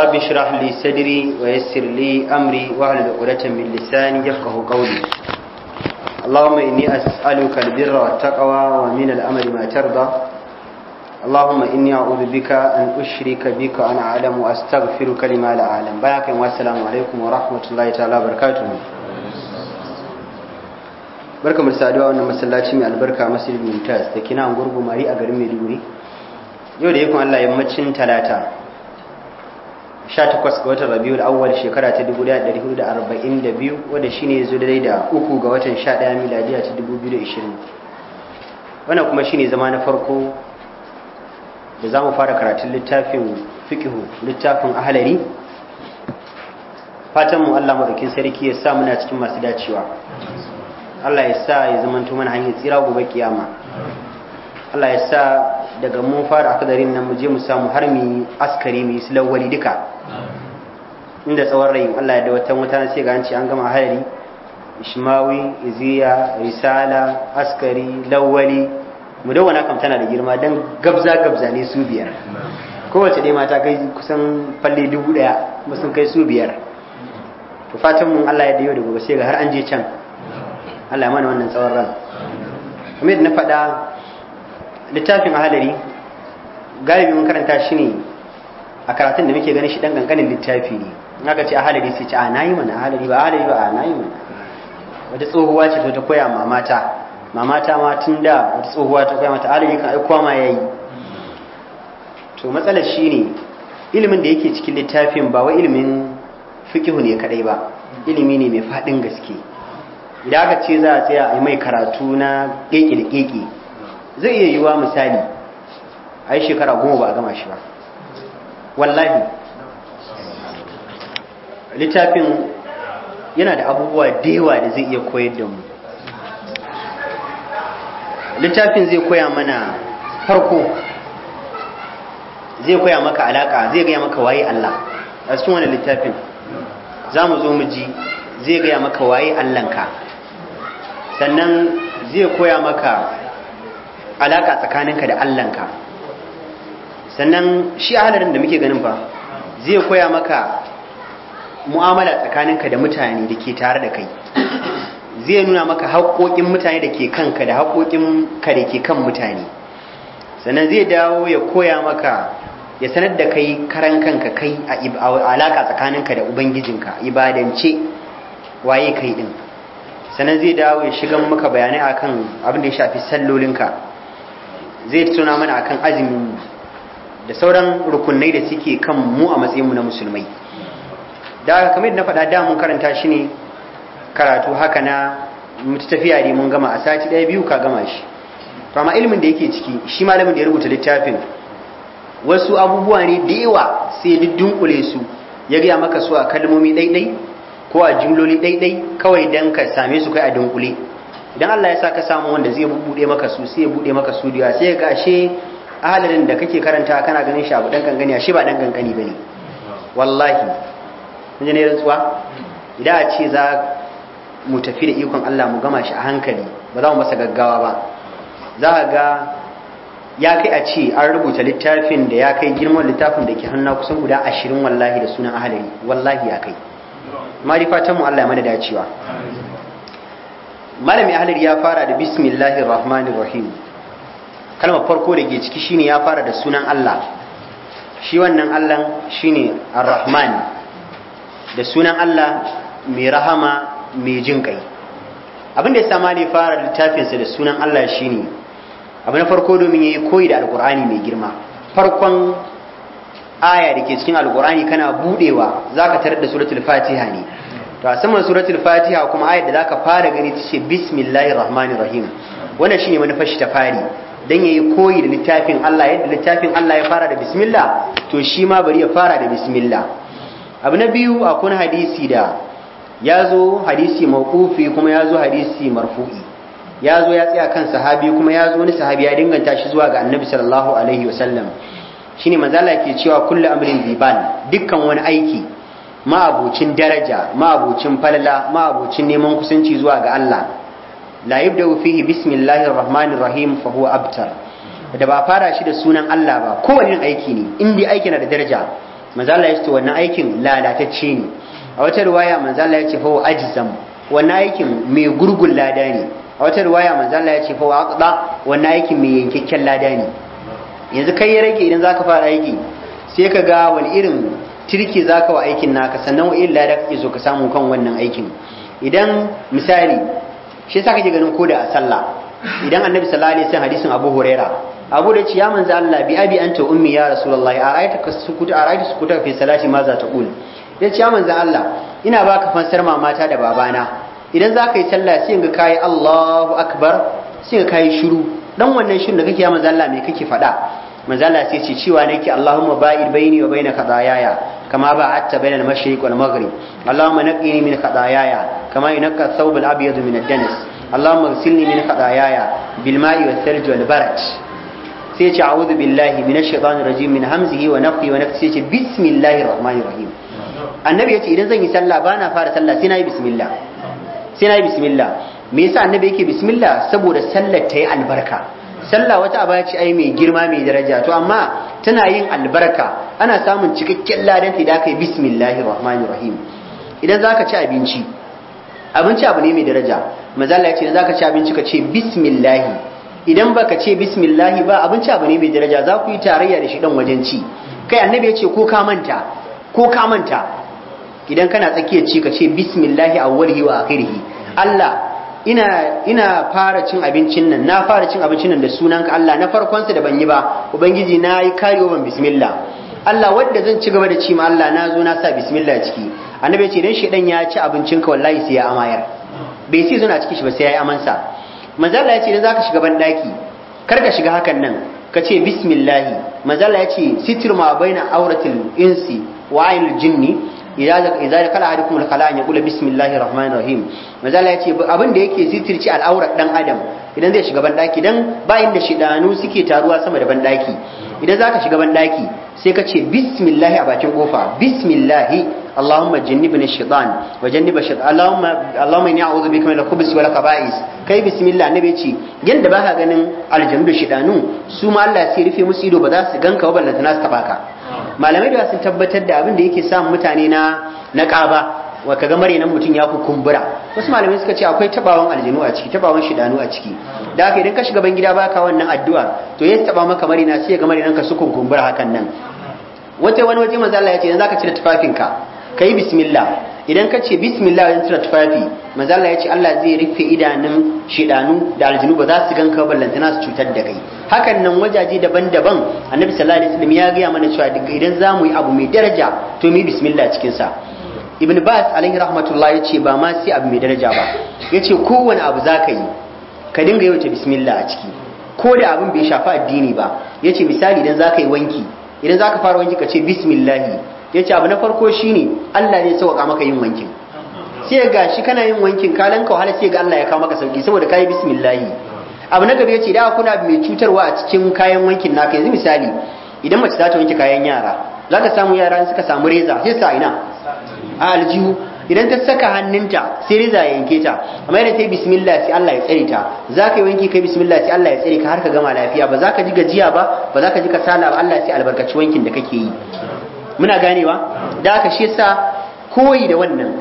رب اشرح لي صدري ويسر لي أمري واحلل عقدة من لساني يفقه قولي اللهم إني أسألك البر والتقوى ومن الأمر ما ترضى اللهم إني أعوذ بك أن أشرك بك أن أعلم وأستغفرك لما لا أعلم بارك والسلام عليكم ورحمة الله تعالى وبركاته barka mu saduwa wannan masallaci mai albarka masjid mumtaz da kina gurgu mari a garin Maiduguri yau da yakun Allah yammacin talata 18 ga watan Rabiul Awwal shekara ta 1442 wanda shine yazo da da uku ga watan 11 miladiya ta 2020 wannan kuma shine zama na farko da zamu fara karatun littafin fiqhu littafin ahlari fatan mu Allah madaukin sarki ya sa muna cikin masu dacewa Allah ya sa ya zamanto mana hanyar tsira gobe kiyama Allah ya sa daga mun fara akadarin nan muje mu samu har mu askari mu silawali duka inda tsawon rayu Allah da wata wata sai ga an an gama hadari ishmawi iziya risala askari lawali mu da wani kam tana da girma dan gabza gabza ne su biyar kowace dai mata kai kusan falle dubu daya ba kai su biyar to fatan mun Allah ya da yau da gobe sai ga har an je can Allah ya mana wannan tsawon ran kamar na faɗa littafin a ahalari galibi mun karanta shi ne a karatun da muke ganin shi dan ganganin littafi ne in aka ce ahalari sai ce a nayi mana a ahalari ba a ahalari ba a nayi mana wata tsohuwa ce ta koya mamata mamata ma tun da wata tsohuwa ta koya mata ahalari kan aikuwa ma yayi to matsalar shi ne ilimin da yake cikin littafin ba wai ilimin fikihu ne kadai ba ilimi ne mai faɗin gaske idan aka ce za a tsaya a mai karatu na keke da keke zai iya yiwa misali a yi shekara goma ba a gama shi ba wallahi littafin yana da abubuwa da yawa da zai iya koyar da mu littafin zai koya mana farko zai koya maka alaka zai gaya maka waye Allah a cikin wani littafin za mu zo mu ji zai gaya maka waye Allahnka sannan zai koya maka alaka tsakaninka da Allahnka sannan shi halarin da muke ganin fa zai koya maka mu'amala tsakaninka da mutane da ke tare da kai zai nuna maka haƙoƙin mutane da ke kanka da haƙoƙin ka da ke kan mutane sannan zai dawo ya koya maka ya sanar da kai karan kanka kai a alaka tsakaninka da ubangijinka ibadance waye kai din sannan zai dawo ya shiga maka bayanai akan abin da ya shafi sallolinka zai tuna mana akan azumin mu da sauran rukunai da suke kan mu a matsayin matsayinmu na musulmai da kamar na faɗa da mun karanta shi ne karatu haka na mutu tafiya ne mun gama a sati ɗaya biyu ka gama shi to amma ilimin da yake ciki shi malamin da ya rubuta littafin wasu abubuwa ne da yawa sai duk dunkule su ya gaya maka su a kalmomi ɗaiɗai ko a jimloli ɗaiɗai kawai don ka same su kai a dunkule idan Allah ya sa ka samu wanda zai buɗe maka su sai ya buɗe maka su da sai ga ashe ahalin da kake karanta kana ganin shi abu dan gangani ashe ba dan gangani bane wallahi mun ne rantsuwa idan a ce za mu tafi da ikon Allah mu gama shi a hankali ba za mu masa gaggawa ba za ka ga ya kai a ce an rubuta littafin da ya kai girman littafin da ke hannu kusan guda ashirin wallahi da sunan ahalari wallahi ya kai marifatanmu Allah ya mana dacewa malami ahlar ya fara da bismillahir rahmanir rahim kalmar farko da ke ciki shine ya fara da sunan Allah shi wannan Allah shine ar-rahman da sunan Allah mai rahama mai jin kai abin da yasa malami fara littafinsa da sunan Allah shine abu farko domin yayi koyi da alkur'ani mai girma farkon aya da ke cikin alkur'ani kana budewa zaka tarar da suratul fatiha ne to a saman suratul fatiha kuma ayat da zaka fara gani ta ce bismillahir rahmanir rahim wannan shine manufar shi ta fari dan yayi koyi da littafin Allah yadda littafin Allah ya fara da bismillah to shi ma bari ya fara da bismillah abu na biyu akwai hadisi da yazo hadisi mawqufi kuma ya hadisi marfu'i ya ya tsaya kan sahabi kuma ya wani sahabi ya dinganta shi zuwa ga annabi sallallahu alaihi wasallam shine manzo yake cewa kullu amrin zibal dukkan wani aiki ma'abucin daraja ma'abucin falala ma'abucin neman kusanci zuwa ga Allah la yabda'u fihi bismillahir rahmanir rahim fa huwa abtar da ba fara shi da sunan Allah ba kowane aiki ne in dai aiki na da daraja manzo Allah ya ce wannan aikin lalatacce ne a wata riwaya manzo Allah ya ce fa huwa ajzam wannan aikin mai gurgun lada ne a wata riwaya manzo Allah ya ce fa huwa aqda wannan aikin mai yankakken lada ne yanzu kai ya rage idan zaka fara aiki sai ka ga wani irin tirki za ka wa aikin naka sannan wa'in lada ke so ka samu kan wannan aikin idan misali shi yasa kake ganin ko da a sallah idan annabi sallallahu alaihi wasallam hadisin abu huraira abu da ce ya manzo Allah bi abi anta ummi ya rasulullahi a ayata ka sukuta a ayata sukuta fi salati ma za ta kula ya ce ya manzo Allah ina baka fansar mamata da babana idan za ka yi sallah sai ga kai Allahu akbar sai ga kai shiru dan wannan shirin da kake ya manzo Allah me kake faɗa manzo Allah sai ce cewa nake Allahumma ba'id baini wa baina qadayaya كما بعدت بين المشرق والمغرب اللهم نقني من خطاياي كما ينقى الثوب الأبيض من الدنس اللهم اغسلني من خطاياي بالماء والثلج والبرد سيتي أعوذ بالله من الشيطان الرجيم من همزه ونفخه ونفسه سيتي بسم الله الرحمن الرحيم annabi ya ce idan zan yi sallah ba na fara sallah sai na yi bismillah sai na yi bismillah me yasa annabi yake bismillah saboda sallar ta yi albarka sallah wata aba ce ai mai girma mai daraja to amma tana yin albarka ana samun cikakken ladan ta idan kai bismillahir rahmanir rahim idan zaka ci abinci abinci abu ne mai daraja mazalla yace idan zaka ci abinci ka ce bismillah idan baka ce bismillah ba abinci abu ne mai daraja za ku yi tarayya da shi dan wajen ci kai annabi yace ko ka manta ko ka manta idan kana tsakiyar ci ka ce bismillah awwalihi wa akhirih Allah ina ina fara cin abincin nan na fara cin abincin nan da sunanka Allah na farkonsa da ban yi ba ubangiji na yi karewa ban bismillah Allah wanda zan ci gaba da ci ma Allah na zo na sa bismillah ciki annabi ya ce dan shedan ya ci abincin ka wallahi sai ya amayar bai sai zuna ciki shi ba sai ya yi amansa manzo Allah ya ce idan zaka shiga ban daki kar ka shiga hakan nan ka ce bismillah manzo Allah ya ce sitru ma baina auratil insi wa ayil jinni idza da kala ahadukum al-khala ya kula bismillahir rahmanir rahim mazala yace abin da yake sitirci al'aurar dan adam idan zai shiga bandaki dan bayin da shidanu suke taruwa sama da bandaki idan zaka shiga banɗaki sai ka ce bismillahi a bakin kofa bismillahi Allahumma jannibni shaitan wa janniba shaitan Allahumma Allahumma inni a'udhu bika min al-khubuthi wal khaba'is kai bismillah nabi ce yanda baka ganin aljannu da shaitanu su ma Allah sai rufe musu ido ba za su ganka ba ballantana su tabaka malamai da sun tabbatar da abin da yake samu mutane na na ƙaba wa ga marinan mutum ya ku kumbura wasu malamai suka ce akwai tabawan aljinu a ciki tabawan shidanu a ciki da haka idan ka shiga ban gida baka wannan addu'a to ya taba maka marina sai ga marinan ka su kumbura hakan nan wata wani waje manzo Allah ya ce idan zaka cire tufafinka kai bismillah idan ka ce bismillah idan cire tufafi manzo Allah ya ce Allah zai rufe idanun shidanu da aljinu ba za su ganka ballantana su cutar da kai hakan nan wajaje daban-daban annabi sallallahu alaihi wasallam ya gaya mana cewa idan zamu yi abu mai daraja to mu bismillah cikin sa ibn bas alaihi rahmatullah ya ce ba ma sai abu mai daraja ba ya ce kowane abu za ka yi ka dinga yawaita bismillah a ciki ko da abin bai shafa addini ba ya ce misali idan za ka yi wanki idan za ka fara wanki ka ce bismillahi ya ce abu na farko shi ne allah ne sauƙa maka yin wankin sai ga shi kana yin wankin kalan ka wahala sai ga allah ya kawo maka sauki saboda ka yi bismillah abu na gaba ya ce da kuna mai cutarwa a cikin kayan wankin naka yanzu misali idan mace za ta wanke kayan yara za ka samu yara suka samu reza sai sa ina a aljihu idan ta saka hannunta sai riza ya yanke ta amma idan ta yi bismillah sai Allah ya tsare ta za ka yi wanki kai bismillah sai Allah ya tsare ka har ka gama lafiya ba za ka ji gajiya ba ba za ka ji kasala ba Allah sai albarkaci wankin da kake yi muna ganewa da aka shi yasa koyi da wannan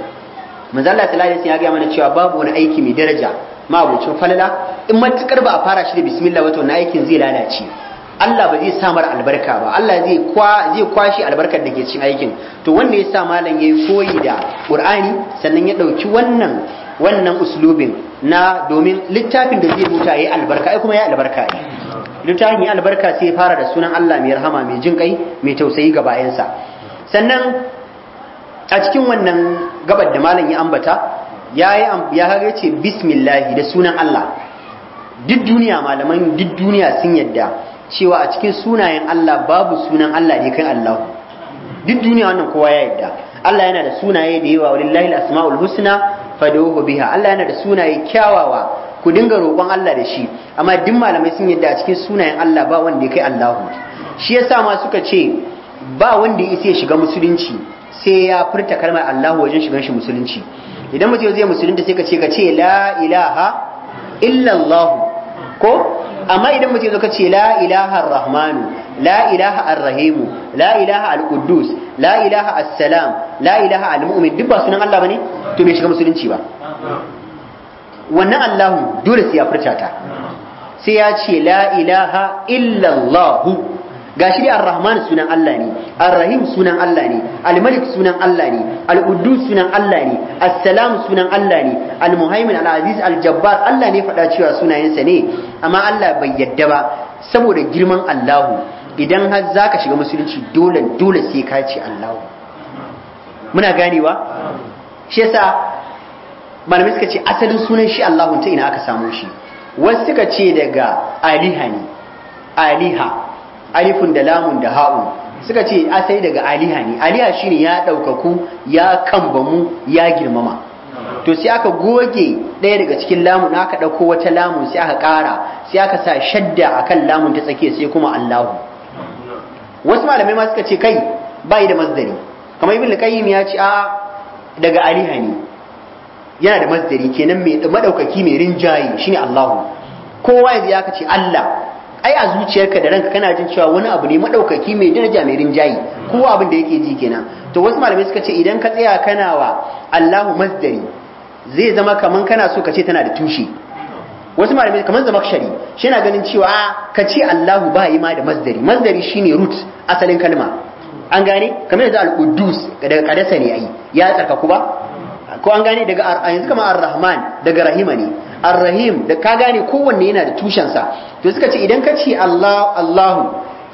manzo Allah sallallahu alaihi wasallam ya ga mana cewa babu wani aiki mai daraja ma abucin falala in matukar ba a fara shi da bismillah wato na aikin zai lalace Allah ba zai samar albarka ba Allah zai kwa zai kwashi albarkar da ke cikin aikin to wanda ya sa malam yayi koyi da Qur'ani sannan ya dauki wannan wannan uslubin na domin littafin da zai huta yayi albarka ai kuma yayi albarka ai littafin yayi albarka sai ya fara da sunan Allah mai rahama mai jin kai mai tausayi ga bayansa sannan a cikin wannan gabar da malam ya ambata yayi ya haga ce bismillah da sunan Allah duk duniya malaman duk duniya sun yadda cewa a cikin sunayen Allah babu sunan Allah da kai Allah duk duniya wannan kowa ya yarda Allah yana da sunaye da yawa walillahi al-asmaul husna fad'uhu biha Allah yana da sunaye kyawawa ku dinga roƙon Allah da shi amma duk malamai sun yadda a cikin sunayen Allah ba wanda ya kai Allahu shi yasa ma suka ce ba wanda ya isa ya shiga musulunci sai ya furta kalmar Allahu wajen shigan shi musulunci idan mutum zai musulunta sai ka ce ka ce la ilaha illallah ko amma idan mutum zo ka ce la ilaha rahmanu la ilaha ar la ilaha al-quddus la ilaha as la ilaha al-mu'min duk ba sunan Allah bane to bai shiga musulunci ba wannan Allahu dole sai ya furta ta sai ya ce la ilaha illallahu gashi dai ar-rahman sunan Allah ne ar-rahim sunan Allah ne al-malik sunan Allah ne al-uddus sunan Allah ne as-salam sunan Allah ne al-muhaimin al-aziz al-jabbar Allah ne faɗa cewa sunayensa ne amma Allah bai yadda ba saboda girman Allahu idan har zaka shiga musulunci dole dole sai ka ce Allahu muna ganewa shi yasa malamai suka ce asalin sunan shi Allahu ta ina aka samu shi wasu suka ce daga aliha ne aliha alifun da lamun da ha'u suka ce sai daga aliha ne aliha shine ya ɗaukaku ya kambamu ya girmama to sai aka goge ɗaya daga cikin lamun aka ɗauko wata lamun sai aka ƙara sai aka sa shadda a kan lamun ta tsakiya sai kuma allahu wasu malamai ma suka ce kai bayi da masdari kamar ibn qayyim ya ce a daga aliha ne yana da masdari kenan mai madaukaki mai rinjaye shine allahu kowa yanzu ya kace allah ai a zuciyarka da ranka kana jin cewa wani abu ne madaukaki mai daraja mai rinjayi kowa abin da yake ji kenan to wasu malamai suka ce idan ka tsaya kana wa Allahu masdari zai zama kaman kana so ka ce tana da tushe wasu malamai zama shari shi yana ganin cewa ah, ka ce Allahu ba yi ma da masdari masdari shine root asalin kalma an gane kamar yanzu al-Quddus daga kadasa ne ai ya tsarkaku ba ko an gane daga yanzu kamar ar-Rahman daga Rahima ne ar-rahim da ka gane kowanne yana da tushensa to suka ce idan ka ce Allah Allahu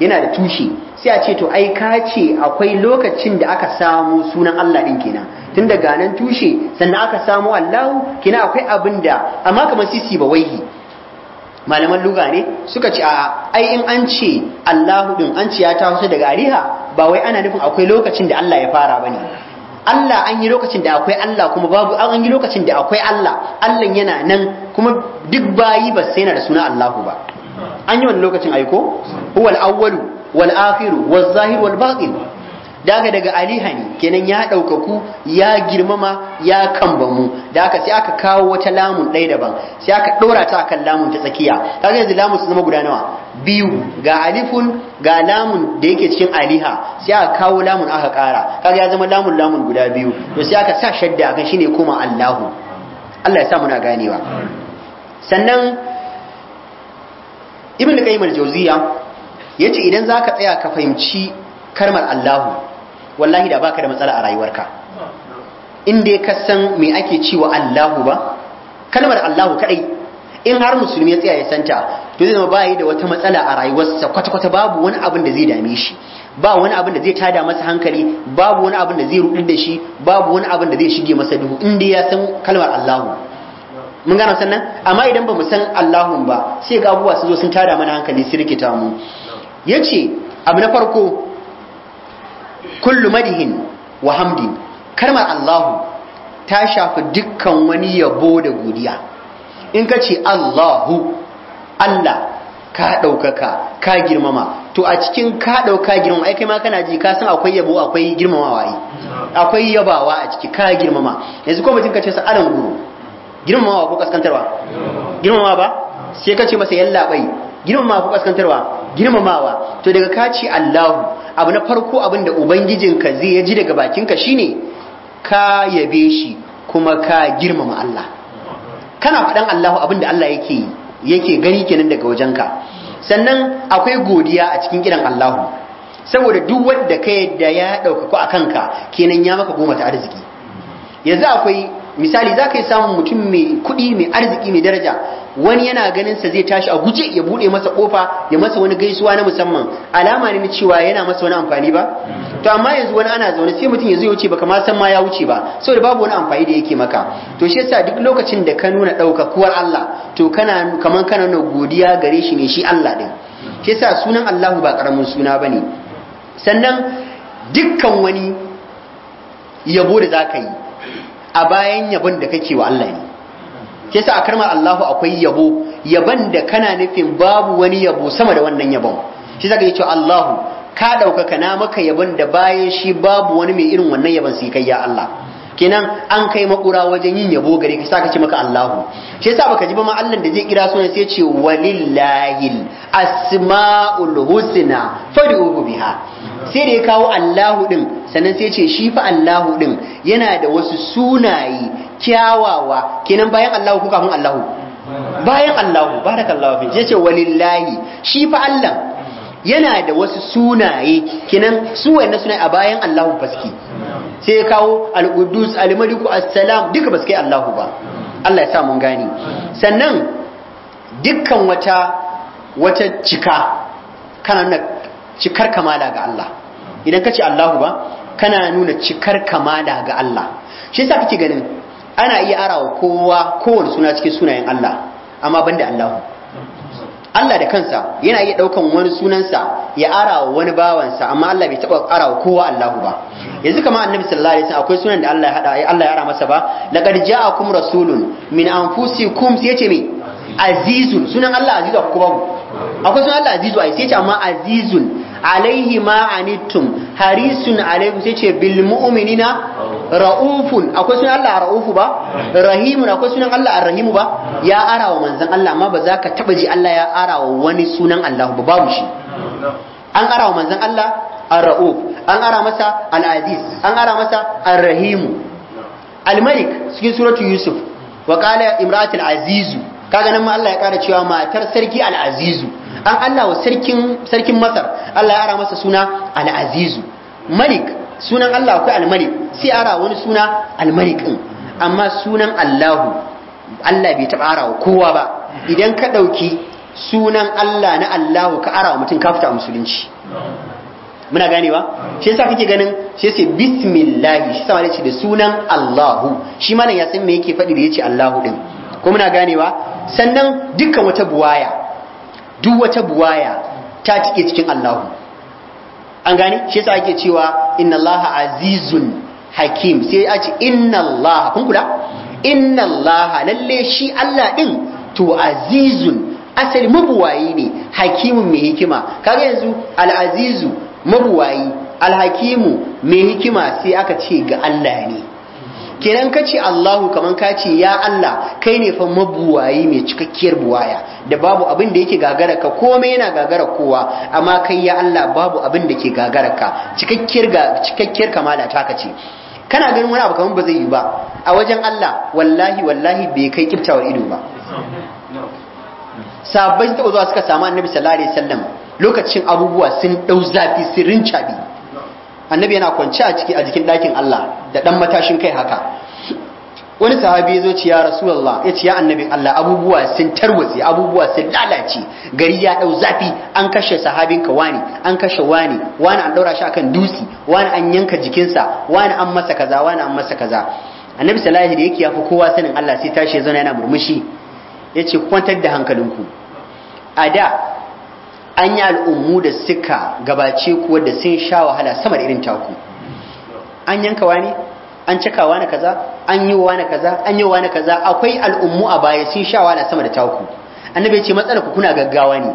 yana da tushe sai a ce to ai ka ce akwai lokacin da aka samu sunan Allah din kenan tun daga nan tushe sannan aka samu Allahu kenan akwai abin da amma kamar sisi ba waihi malaman luga ne suka ce a ai in an ce Allahu din an ce ya ta daga ariha ba wai ana nufin akwai lokacin da Allah ya fara bane Allah an yi lokacin da akwai Allah kuma babu an yi lokacin da akwai Allah Allah yana nan kuma duk bayi ba sai na da suna Allahu ba an yi wani lokacin aiko huwal awwalu wal akhiru waz zahir wal batin daga daga Aliha ne kenan ya ɗaukaku ya girmama ya kambamu da aka sai aka kawo wata lamun ɗaya daban sai aka ɗora ta kan lamun ta tsakiya kaga yanzu lamun su zama guda nawa biyu ga alifun ga lamun da yake cikin aliha sai aka kawo lamun aka ƙara kaga ya zama lamun lamun guda biyu to sai aka sa shadda akan shine koma Allahu Allah ya sa muna ganewa sannan ibn qayyim al-jawziya yace idan zaka tsaya ka fahimci kalmar Allahu wallahi da baka da matsala a rayuwarka in dai ka san me ake cewa Allahu ba kalmar Allahu kadai in har musulmi ya tsaya ya santa to zai zama bayi da wata matsala a rayuwarsa kwata-kwata babu wani abin da zai dame shi ba wani abin da zai tada masa hankali babu wani abin da zai rudu da shi babu wani abin da zai shige masa duhu in dai ya san kalmar Allahu mun gano sannan amma idan ba mu san Allahu ba sai ga abubuwa su zo sun tada mana hankali su rikita mu yace abu na farko kullu madihin wa hamdi kalmar Allahu ta shafi dukkan wani yabo da godiya in ka ce Allahu Allah ka ɗaukaka ka girmama to a cikin ka ɗauka girmama ai kai ma kana ji ka san akwai yabo akwai girmamawa ai akwai yabawa a ciki ka girmama yanzu ko mutum ka ce sa alan guru girmamawa ko kaskantarwa girmamawa ba sai ka ce masa yallaɓai girmama ko kaskantarwa girmamawa to daga kaci Allahu abu na farko abin ubangijin ka zai yaji ji daga bakinka shine ka yabe shi kuma ka girmama Allah kana faɗan Allahu abin da Allah yake yake gani kenan daga wajen ka? sannan akwai godiya a cikin kiran Allahu saboda duk wanda ka yadda ya ɗaukaku a ka kenan ya maka goma ta arziki yanzu akwai misali za ka yi samun mutum mai kuɗi mai arziki mai daraja wani yana ganin sa zai tashi a guje ya buɗe masa kofa ya masa wani gaisuwa na musamman alama ne na cewa yana masa wani amfani ba to amma yanzu wani ana zaune sai mutum yanzu ya wuce baka ma san ma ya wuce ba saboda babu wani amfani da yake maka to shi yasa duk lokacin da ka nuna kuwar Allah to kana kaman kana nuna godiya gare shi ne shi Allah din shi yasa sunan Allahu ba karamin suna bane sannan dukkan wani yabo da zaka yi a bayan yabon da kake wa Allah ne ke sa a karmar Allahu akwai yabo yabon da kana nufin babu wani yabo sama da wannan yabon shi zaka yi cewa Allahu ka ɗaukaka na maka yabon da bayan shi babu wani mai irin wannan yabon sai kai ya Allah kenan an kai makura wajen yin yabo gare ka saka ce maka Allahu shi yasa baka ji ba ma Allah da zai kira sunan sai ce walillahil asmaul husna fad'uhu biha sai da ya kawo Allahu din sannan sai ce shi fa Allahu din yana da wasu sunaye kyawawa kenan bayan Allahu ko kafin Allahu bayan Allahu barakallahu fi yace walillahi shi fa Allah yana da wasu sunaye kenan su wayannan sunaye a bayan Allahu baski sai ya kawo al-Quddus al maliku as-Salam duka baskai Allahu ba Allah ya sa mun gani sannan dukkan wata wata cika kana nan cikar kamala ga Allah idan ka ce Allahu ba kana nuna cikar kamala ga Allah shi yasa kake ganin ana iya arawa kowa kowane suna cikin sunayen Allah amma banda Allahu Allah da kansa yana iya daukan wani sunansa ya arawa wani bawansa amma Allah bai taba arawa kowa Allahu ba yanzu kama annabi sallallahu alaihi wasallam akwai sunan da Allah ya hada eh, Allah ya ara masa ba laqad ja'akum rasulun min anfusikum sai yace me azizun sunan Allah azizu ko ba akwai sunan Allah azizu ai sai yace amma azizun alaihi ma anittum harisun alaihi sai ce bil mu'minina ra'ufun akwai sunan Allah ra'ufu ba rahimun akwai sunan Allah arrahimu ba ya arawa manzon Allah amma ba za ka taba ji Allah ya arawa wani sunan Allah ba babu shi an arawa manzon Allah arra'uf an ara masa al-aziz an ara masa arrahimu al-malik cikin suratul yusuf wa qala imratul azizu kaga nan ma Allah ya kara cewa matar sarki al-azizu an Allah wa sarkin sarkin Masar Allah ya ara masa suna Al-Azizu Malik sunan Allah akwai Al-Malik sai ara wani suna Al-Malik din amma sunan Allahu Allah bai taba ara wa kowa ba idan ka ɗauki sunan Allah na Allahu ka ara wa mutum ka fita musulunci muna ganewa shi yasa kake ganin shi yace bismillah shi sama yace da sunan Allahu shi malan ya san me yake faɗi da yace Allahu din ko muna ganewa sannan dukkan wata buwaya duk wata buwaya ta cike cikin Allahu an gane shi yasa ake cewa inna Allah azizun hakim sai a ce inna Allah kun kula inna Allah lalle shi Allah din to azizun asali mabuwayi ne hakimun mai hikima kaga yanzu al-azizu mabuwayi alhakimu mai hikima sai aka ce ga Allah ne kenan ka ce Allahu kamar ka ce ya Allah kai ne fa mabuwayi mai cikakkiyar buwaya da babu abin da yake gagara ka komai yana gagara kowa amma kai ya Allah babu abin da ke gagara ka cikakkiyar ga cikakkiyar kamala taka ce kana ganin wani abu kamar ba zai yi ba a wajen Allah wallahi wallahi bai kai kiftawar ido ba su taɓa zuwa suka samu annabi sallallahu alaihi wasallam lokacin abubuwa sun dau zafi sun rincabi annabi yana kwance a ciki a jikin ɗakin Allah da ɗan matashin kai haka wani sahabi ya zo ci ya rasulullah ya ce ya annabin Allah abubuwa sun tarwatse abubuwa sun lalace gari ya ɗau zafi an kashe sahabin ka wani an kashe wani wani an ɗaura shi akan dutsi wani an yanka jikinsa wani an masa kaza wani an masa kaza annabi sallallahu da yake yafi kowa sanin Allah sai tashi ya zauna yana murmushi ya ce kwantar da hankalinku a da an yi al'ummu da suka gabace kuwa da sun sha wahala sama irin taku an yanka wani an cika wani kaza an yi wani kaza an yi wani kaza akwai al'ummu a baya sun sha wahala sama da taku annabi ya ce matsalar ku kuna gaggawa ne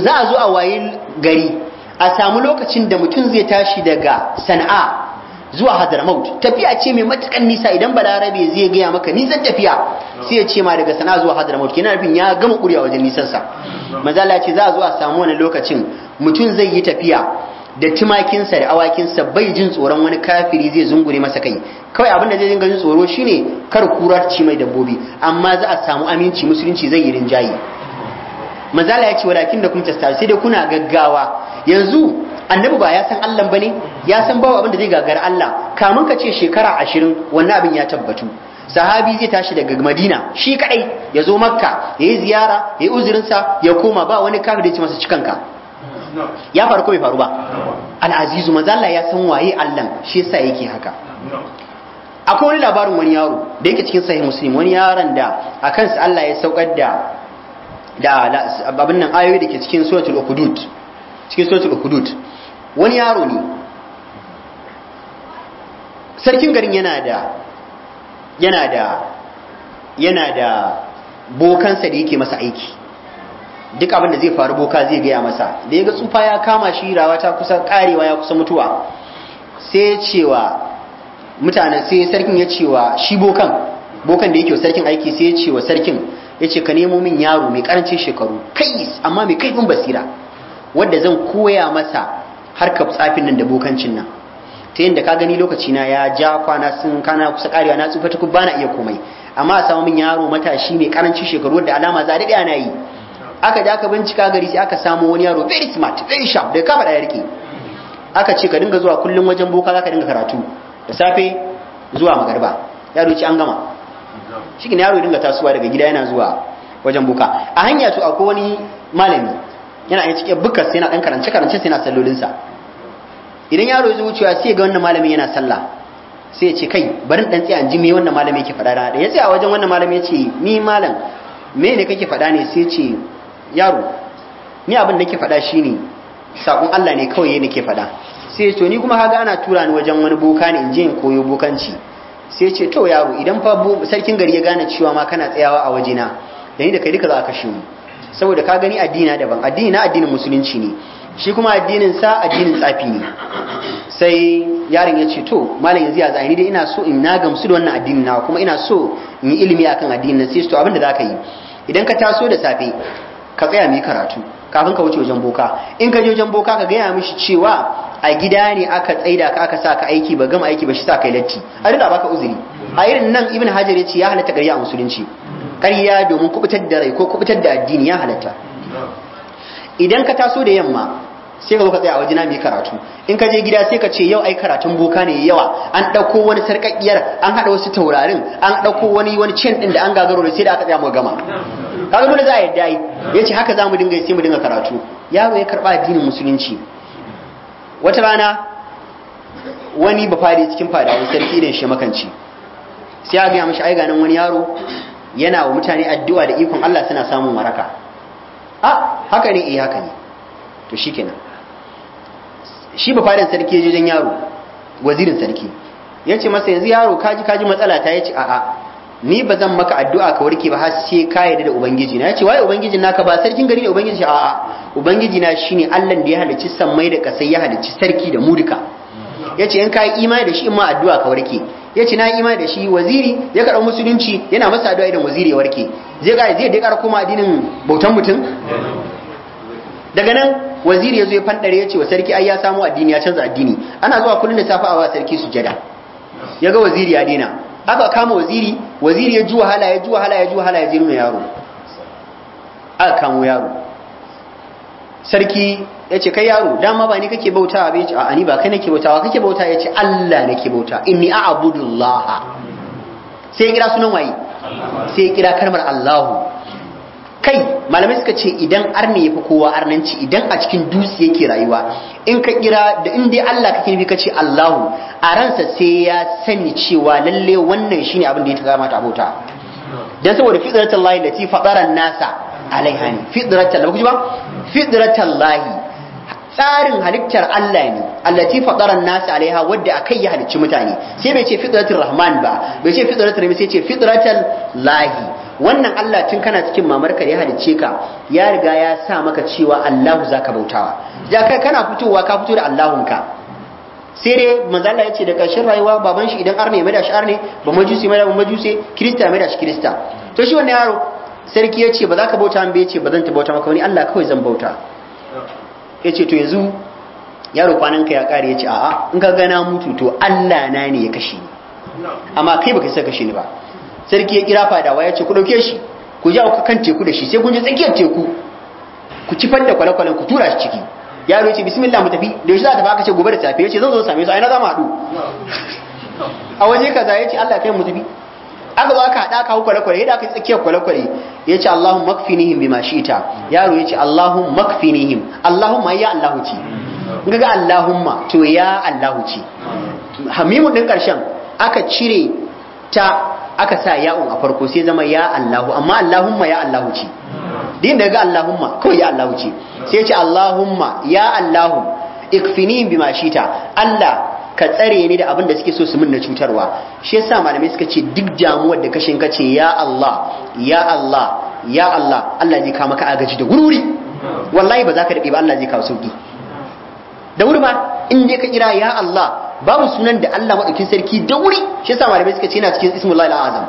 za a zo a wayin gari a samu lokacin da mutum zai tashi daga sana'a zuwa hadramaut tafiya ce mai matukan nisa idan balarabe zai gaya maka nisan tafiya sai ya ce ma daga sana zuwa hadramaut kenan nufin ya gama kuriya wajen nisansa. sa ya ce za a zuwa samu wani lokacin mutum zai yi tafiya da timakinsa da awakinsa bai jin tsoron wani kafiri zai zungure masa kai kawai abin da zai dinga jin tsoro shine kar kurar ci mai dabbobi amma za a samu aminci musulunci zai yi rinjaye manzala ya ce walakin da kuma sai dai kuna gaggawa yanzu annabi ba ya san Allah bane ya san babu abin da zai gagara Allah kamun ka ce shekara ashirin wannan abin ya tabbatu sahabi zai tashi daga madina shi kadai ya zo makka ya yi ziyara ya yi uzurinsa ya koma ba wani kafi da ya ci masa cikanka ya faru ko bai faru ba al'azizu manzo Allah ya san waye Allah shi yasa yake haka akwai wani labarin wani yaro da yake cikin sahih muslim wani yaron da akan sa Allah ya saukar da da abin nan ayoyi da ke cikin suratul ukhdud cikin suratul ukhdud wani yaro ne sarkin garin yana da yana da yana da bokansa da yake masa aiki duk abin da zai faru boka zai gaya masa da ya ga tsufa ya kama shi rawa ta kusa karewa ya kusa mutuwa sai ya cewa mutanen sai sarkin ya cewa shi bokan bokan da yake sarkin aiki sai ya cewa sarkin ya ce ka nemo min yaro mai karancin shekaru kai amma mai kaifin basira wadda zan koya masa harkar tsafin nan da bokancin nan ta yadda ka gani lokaci na ya ja kwana sun kana kusa karewa na tsufa tukub bana iya komai amma a samu min yaro matashi mai karancin shekaru wadda alama za a daɗe ana yi aka ja ka bincika gari sai aka samu wani yaro very smart very sharp da kafa da yarki aka ce ka dinga zuwa kullum wajen boka za ka dinga karatu da safe zuwa magariba yaro ci an gama shi ne yaro dinga tasowa daga gida yana zuwa wajen boka a hanya to akwai wani malami yana yin cikin bukas yana dan karance karance sai yana sallolinsa idan yaro ya zo wucewa sai ga wannan malami yana sallah sai ya ce kai barin dan tsaya an ji me wannan malami yake faɗa da ya tsaya wajen wannan malami ya ce ni malam me ne kake faɗa ne sai ce yaro ni abin da nake faɗa shine sakon Allah ne kawai nake faɗa sai ya ce ni kuma kaga ana tura ni wajen wani boka ne in je in koyo bokanci sai ya ce to yaro idan fa sarkin gari ya gane cewa ma kana tsayawa a wajena da ni da kai duka za a kashe mu saboda ka gani addina daban addini na addinin musulunci ne shi kuma addinin sa addinin tsafi ne sai yaron ya ce to malam yanzu ya zai dai ina so in na gamsu da wannan addinin nawa kuma ina so in yi ilimi akan addinin nan. sai to abin da zaka yi idan ka taso da safe ka tsaya mu karatu kafin ka wuce wajen boka in ka je wajen boka ka gaya mishi cewa a gida ne aka tsaida ka aka sa ka aiki ba gama aiki ba shi sa kai latti a rinda baka uzuri a irin nan ibn hajar ya ce ya halatta ƙarya a musulunci ƙarya domin kubutar da rai ko kubutar da addini ya halatta idan ka taso da yamma sai ka zo ka tsaya a wajena mai karatu in ka je gida sai ka ce yau ai karatun boka ne yawa an ɗauko wani sarƙaƙiyar an haɗa wasu taurarin an ɗauko wani wani cin ɗin da an gagaro da sai da aka tsaya mu gama kaga mun za a yarda yi ya ce haka za mu dinga sai mu dinga karatu yaro ya karɓa addinin musulunci wata rana wani bafari cikin fada wani sarki irin shi makanci sai a gaya mashi ai ganin wani yaro yana wa mutane addu'a da ikon Allah suna samun waraka a ah, haka ne eh haka ne to shikenan shi ba fadin sarki ya jejen yaro wazirin sarki ya ce masa yanzu yaro kaji kaji matsala ta ya ce a'a ni ba zan maka addu'a ka warke ba har sai ka yarda da ubangiji na ya ce ubangiji naka ba sarkin gari ne ubangiji a'a ubangiji na shine Allah da ya halicci sammai da kasai ya halicci sarki da mu duka yace in ka yi imani da shi in ma addu'a ka warke ya ci na yi imani da shi waziri ya karɓi musulunci yana masa addu'a idan waziri ya warke zai ga zai ƙara koma addinin bautan mutum daga nan waziri ya zo ya fandare ya ce wa sarki ai ya samu addini ya canza addini ana zuwa kullun da safa a wa sarki sujada ya ga waziri ya daina aka kama waziri waziri ya ji wahala ya ji wahala ya ji wahala ya ji yaro aka kama yaro sarki ya ce kai yaro dama ba ni kake bautawa A bai ce a ni ba kai nake bautawa kake bauta ya Allah nake bauta inni a'budullah sai ya kira sunan waye sai ya kira kalmar Allahu kai malamai suka ce idan arne ya fi kowa arnanci idan a cikin dutse yake rayuwa in ka kira da in dai Allah kake nufi kace ce Allahu a ransa sai ya sani cewa lalle wannan shine abin da ya kamata abota dan saboda fitratullahi lati fadaran nasa alaiha ne fidratal ba ku ji ba fidratal lahi tsarin halittar Allah ne allati fadaran nasu alaiha wadda akai ya halicci mutane sai bai ce fidratul rahman ba bai ce fidratul rahman sai ce fidratal lahi wannan Allah tun kana cikin mamarka ya halicce ka ya riga ya sa maka cewa Allahu zaka bautawa ja kai kana fitowa ka fito da ka sai dai manzo ya ce da karshen rayuwa baban shi idan arne mai da shi arne ba majusi mai da majusi kirista mai da shi kirista to shi wannan yaro sarki ya ce ba za ka bauta ba ya ce ba zan ta bauta maka wani Allah kawai zan bauta ya ce to yanzu yaro kwanan ka ya kare ya ce a'a in ka gana mutu to Allah na ne ya kashe ni amma kai baka sa kashe ni ba sarki ya kira fadawa ya ce ku dauke shi ku ja ku kan teku da shi sai kun ji tsakiyar teku ku ci fadda kwale-kwalen ku tura shi ciki yaro ya ce bismillah mu tafi da yaushe za ta baka ce gobe da safe ya ce zan zo same su ai na za mu haɗu a waje kaza ya ce Allah kai mu tafi aka ba ka hada aka hau kwale-kwale yadda aka yi tsakiyar kwale-kwale ya ce Allahun makfinihim bi mashita yaro ya ce Allahun makfinihim Allahumma ya Allahu ce in ga Allahumma to ya Allahu ce hamimu din karshen aka cire ta aka sa ya'un a farko sai zama ya Allahu amma Allahumma ya Allahu ce din da ga Allahumma kawai ya Allahu ce sai ya ce Allahumma ya Allahu ikfinihim bi mashita Allah ka tsare ni da abin da suke so su min na cutarwa shi yasa malamai suka ce duk damuwar da kashin ka ce ya Allah ya Allah ya Allah Allah zai kama maka agaji da wuri wallahi ba za ka daɗe ba Allah zai kawo sauki da wuri ba in dai ka kira ya Allah babu sunan da Allah madaukin sarki da wuri shi yasa malamai suka ce yana cikin ismullahi azam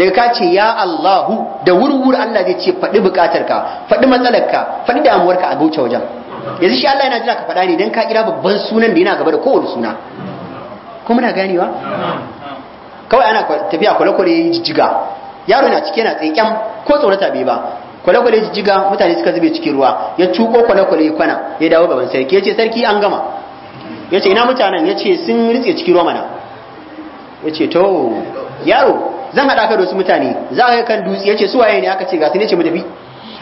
daga ka ce ya Allahu da wuri-wuri Allah zai ce faɗi ka faɗi matsalarka faɗi ka a gauce wajen yanzu shi Allah yana jira ka faɗa ne dan ka kira babban sunan da yana gaba da kowane suna Kuma muna ganewa kawai ana tafiya kwale-kwale ya jijjiga yaro na cike na tsaikyan ko tsoron bai ba kwale-kwale jijjiga mutane suka zube cikin ruwa ya cuko kwale-kwale ya kwana ya dawo gaban sarki ya ce sarki an gama ya ce ina mutanen ya ce sun ritse cikin ruwa mana ya ce to yaro zan haɗa ka da wasu mutane za ka kan dutse ya ce su waye ne aka ce ga su ne ce mutafi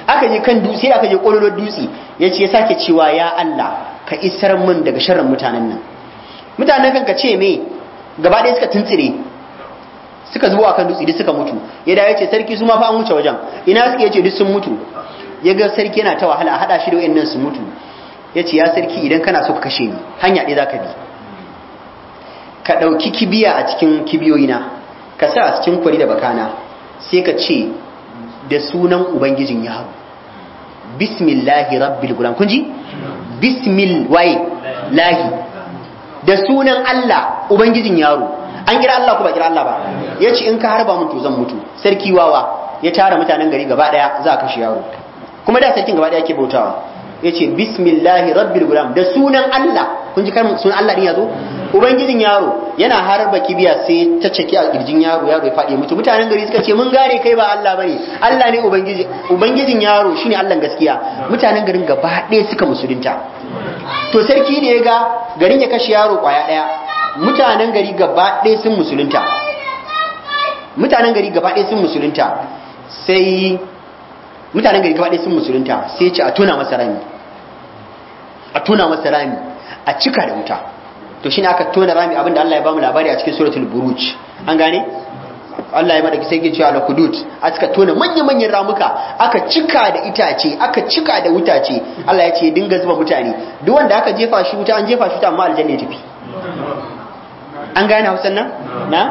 aka je kan dutse aka je ƙololon dutse ya ce ya sake cewa ya Allah ka isar min daga sharrin mutanen nan mutanen kanka ce me gaba ɗaya suka tuntsire suka zubo akan dutse duk suka mutu ya dawo ce sarki su ma fa an wuce wajen ina suke yace duk sun mutu ya ga sarki yana ta wahala a hada shi da wayannan su mutu ya ce ya sarki idan kana so ka kashe ni hanya ɗaya ka bi ka ɗauki kibiya a cikin kibiyoyina ka sa a cikin kwari da bakana sai ka ce da sunan ubangijin ya hagu bismillahi rabbil gulam kun ji bismil da sunan Allah ubangijin yaro an kira Allah ko ba kira Allah ba Ya yace in ka harba mun to zan mutu sarki wawa ya tara mutanen gari gaba daya za a kashe yaro kuma da sarkin gaba daya ke bautawa yace bismillahi rabbil gulam da sunan Allah kun ji kalmar sunan Allah din yazo ubangijin yaro yana harba kibiya sai ta cake a kirjin yaro yaro ya faɗi mutu mutanen gari suka ce mun gane kai ba Allah bane Allah ne ubangiji ubangijin yaro shine Allah gaskiya mutanen garin gaba ɗaya suka musulunta to sarki ne ya ga garin ya kashe yaro kwaya ɗaya mutanen gari gaba ɗaya sun musulunta mutanen gari gaba ɗaya sun musulunta sai mutanen gari gaba ɗaya sun musulunta sai ce a tona masa rami a masa rami a cika da wuta to shine aka tona rami abinda Allah ya bamu labari a cikin suratul buruj an gane Allah ya madaki sai ke cewa la kudut cika tona manya manyan ramuka aka cika da itace aka cika da wutace Allah ya ce dinga zuba mutane duk wanda aka jefa shi wuta an jefa shi ta amma aljanna tafi an gane hausan nan na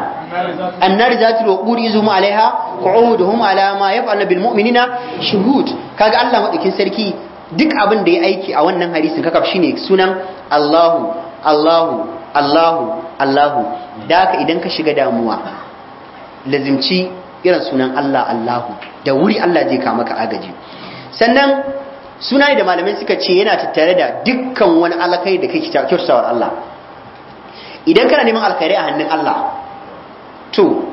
annar zatul waquri izum alaiha qu'uduhum ala ma yaf'alu bil mu'minina shuhud kaga Allah madakin sarki duk abin da ya aiki a wannan hadisin kakaf shine sunan Allahu Allahu Allahu Allahu da haka idan ka shiga damuwa lazimci irin sunan Allah Allahu da wuri Allah zai kama ka agaji sannan suna da malamai suka ce yana tattare da dukkan wani alakai da kake kyautawar Allah idan kana neman alkhairi a hannun Allah to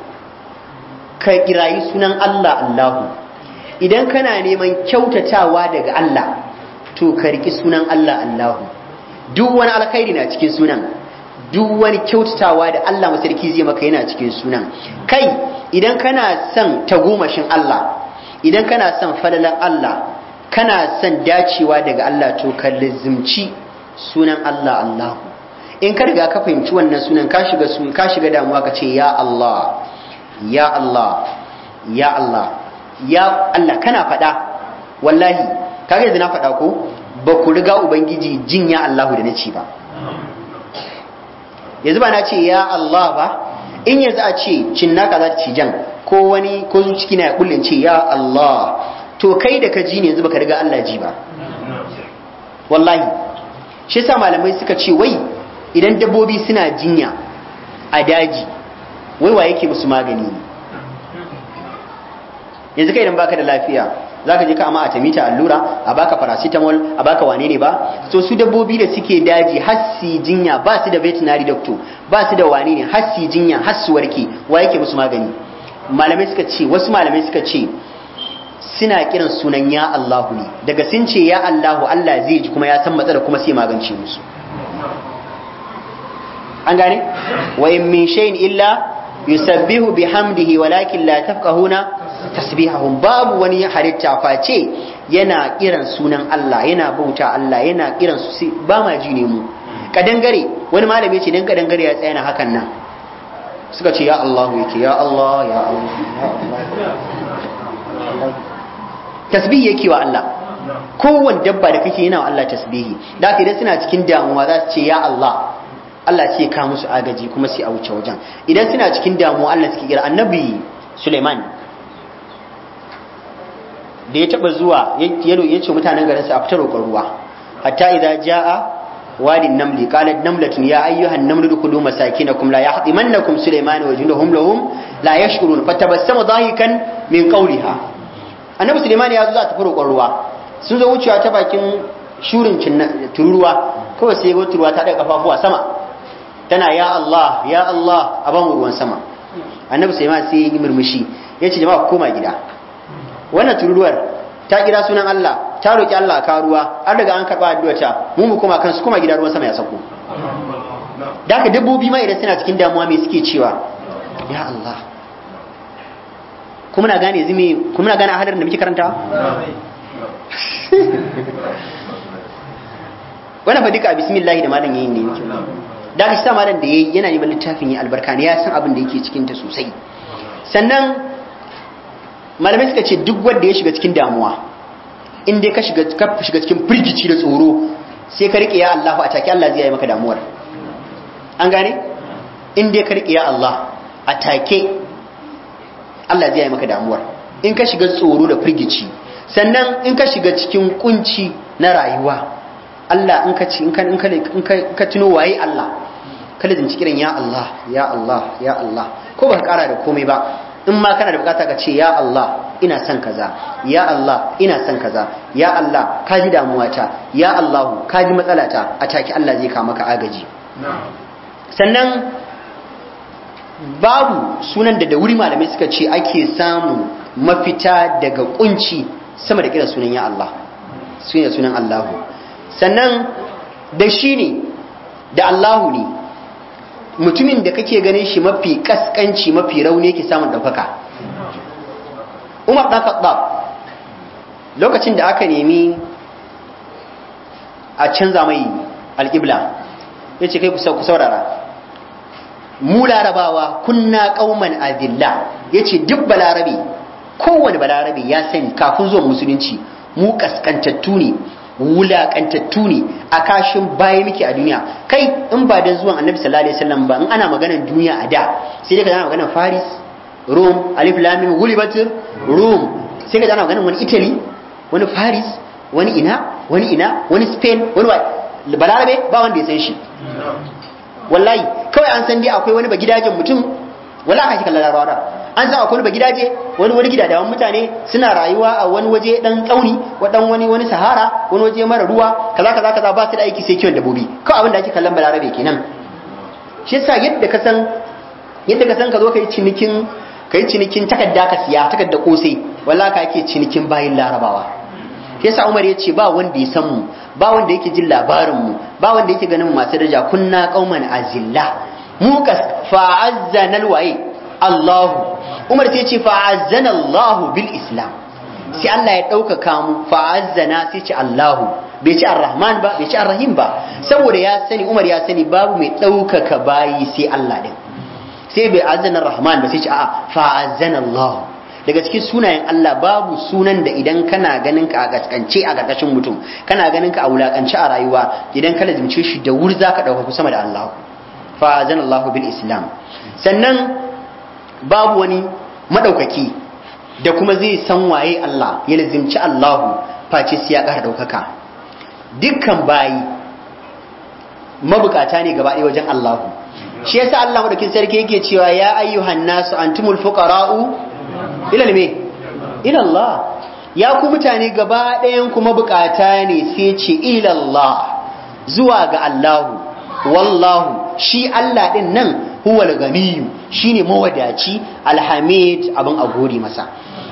ka kirayi sunan Allah Allahu idan kana neman kyautatawa daga Allah to ka riki sunan Allah Allahu duk wani alkhairi na cikin sunan duk wani kyautatawa da Allah masarki zai maka yana cikin sunan kai idan kana son tagomashin Allah idan kana son falalan Allah kana son dacewa daga Allah to ka lizimci sunan Allah Allahu in ka riga ka fahimci wannan sunan ka shiga sun ka shiga damuwa ka ce ya Allah ya Allah ya Allah ya Allah kana faɗa wallahi kage yanzu na faɗa ko ba ku riga ubangiji jin ya Allahu da nace ba yanzu ba na ce ya Allah ba in yanzu a ce cinna ka za ta ci jan ko wani ko zuci na ya kullin ce ya Allah to kai da ka ji ne yanzu baka riga Allah ji ba wallahi shi yasa malamai suka ce wai idan dabbobi suna jinya a daji wai wa yake musu magani ne yanzu kai idan baka da lafiya zaka je ka amma a tamita allura a baka paracetamol a baka wane ne ba so su dabbobi da suke daji har su jinya ba su da veterinary doctor ba su da wane ne su jinya har su warke wa yake musu magani malamai suka ce wasu malamai suka ce suna kiran sunan ya Allahu ne daga sun ce ya Allahu Allah zai ji kuma ya san matsala kuma sai magance musu an gane wa min shay'in illa yusabbihu bihamdihi walakin la tafqahuna tasbihahum babu wani halitta face yana kiran sunan Allah yana bauta Allah yana kiran su ba ma ji ne mu kadangare wani malami ce dan kadangare ya tsaya na hakan nan suka ce ya Allah yake ya Allah ya Allah tasbih yake wa Allah kowanne dabba da kake yana wa Allah tasbihi da idan suna cikin damuwa za su ce ya Allah Allah sai ya kawo musu agaji kuma sai a wuce wajen idan suna cikin damuwa Allah suke kira annabi Suleiman da ya taba zuwa ya ce mutanen garin sa a fitar roƙon ruwa hatta idza jaa wadin namli qala namlatun ya ayyuhan namlu dukulu masakinakum la yahdimannakum Suleiman wa junuhum lahum la yashkurun fatabassama dahikan min qawliha annabi Suleiman ya zo za ta fitar roƙon ruwa sun zo wucewa ta bakin shurin tururuwa kawai sai ya ga turuwa ta daga kafafuwa sama tana ya Allah ya Allah a ban ruwan sama annabi sai ma sai yi murmushi ya ce jama'a koma gida wannan tururuwar ta kira sunan Allah ta roki Allah ka ruwa an riga an karɓa addu'a ta mu mu koma kansu koma gida ruwan sama ya sako da ka dabbobi ma idan suna cikin damuwa me suke cewa ya Allah kuma na gane zumi kuma na gane a hadarin da muke karanta wannan fa duka bismillah da malam yayin ne muke da lissa malam da yayi yana neman littafin ya albarka ne ya san abin da yake cikin ta sosai sannan malamai suka ce duk wanda ya shiga cikin damuwa in dai ka shiga ka shiga cikin firgici da tsoro sai ka rike ya Allahu a take Allah zai yi maka damuwar an gane in dai ka rike ya Allah a take Allah zai yi maka damuwar in ka shiga tsoro da firgici sannan in ka shiga cikin kunci na rayuwa Allah in ka ci in ka tuno waye Allah ka lizinci kiran ya Allah ya Allah ya Allah ko ba kara da komai ba in ma kana da bukata ka ce ya Allah ina son kaza ya Allah ina son kaza ya Allah ka ji damuwa ta ya Allah ka ji matsala ta a take Allah zai ka maka agaji sannan babu sunan da da wuri malamai suka ce ake samu mafita daga kunci sama da kiran sunan ya Allah sunan Allahu sannan da shi ne da Allahu ne mutumin da kake ganin shi mafi kaskanci mafi rauni yake samun ɗaukaka umar ɗan lokacin da aka nemi a canza mai alƙibla ya ce kai ku saurara mu larabawa kunna ƙauman azilla ya ce duk balarabe kowane balarabe ya sani kafin zuwan musulunci mu kaskantattu ne wulakantattu ne a kashin baya muke a duniya kai in ba da zuwan annabi sallallahu alaihi wasallam ba in ana maganar duniya a da sai dai ka ana maganar faris rome alif mim gulibatir rome sai ka ana maganar wani italy wani faris wani ina wani ina wani spain wani balarabe ba wanda ya san shi wallahi kawai an san dai akwai wani ba gidajen mutum wala ka kallon larabawa an sa akwai gidaje wani wani gidadawan mutane suna rayuwa a wani waje dan tsauni wa dan wani wani sahara wani waje mara ruwa kaza kaza kaza ba su da aiki sai kiwon dabbobi ko abin da ake kallon balarabe kenan shi yasa yadda ka san yadda ka san ka zo kai cinikin kai cinikin takarda ka siya takarda kosai wallahi ka yake cinikin bayin larabawa shi yasa Umar ya ce ba wanda ya san mu ba wanda yake jin labarin mu ba wanda yake ganin masu daraja kunna qauman azilla mu kas fa'azzanal waye Allahu Umar sai ce fa'azzana Allahu bil Islam sai Allah ya ɗaukaka mu fa'azzana sai ce Allahu bai ci Ar-Rahman ba bai ci Ar-Rahim ba saboda ya sani Umar ya sani babu mai ɗaukaka bayi sai Allah din sai bai azzana rahman ba sai ce a'a fa'azzana Allahu daga cikin sunayen Allah babu sunan da idan kana ganin ka a gaskance a ƙarƙashin mutum kana ganin ka a wulakance a rayuwa idan kana zumce shi da wuri zaka dauka sama da Allah fa Allah bil Islam sannan babu wani madaukaki da kuma zai san waye Allah ya lazimci Allahu face sai ya ƙara daukaka dukkan bayi mabukata ne gaba ɗaya wajen Allahu shi yasa Allah madaukin sarki yake cewa ya ayyuhan nasu antumul fuqara'u ila me ila Allah ya ku mutane gaba ɗayan kuma bukata ne sai ce ilallah zuwa ga Allahu wallahu shi Allah ɗin nan huwa ganiyu shine mawadaci al-hamid abin a gori masa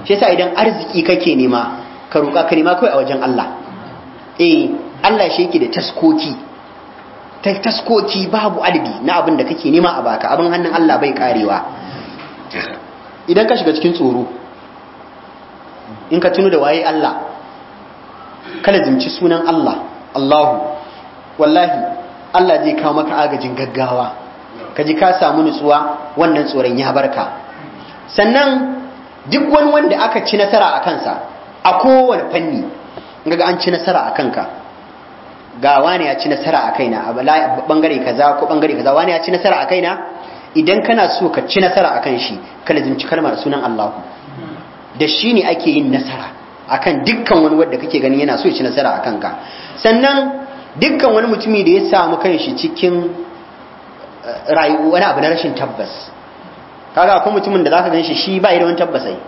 shi yasa idan arziki kake nema ka roka ka nema kai a wajen Allah eh Allah shi yake da taskoki ta taskoki babu adadi na abin da kake nema a baka abin hannun Allah bai karewa idan ka shiga cikin tsoro in ka tuno da waye Allah kala zinci sunan Allah Allahu wallahi Allah zai kawo maka agajin gaggawa ka ji ka samu nutsuwa wannan tsoron ya barka sannan duk wani wanda aka ci nasara a kansa a kowane fanni ga an ci nasara a kanka ga wani ya ci nasara a kaina a bangare kaza ko bangare kaza wani ya ci nasara a kaina idan kana so ka ci nasara a kan shi ka lazimci kalmar sunan Allah da shi ne ake yin nasara akan dukkan wani wanda kake gani yana so ya ci nasara a kanka sannan dukkan wani mutumi da ya samu kanshi cikin Rayu wani abu na rashin tabbas kaga akwai mutumin da zaka ganshi shi ba da wani tabbas ai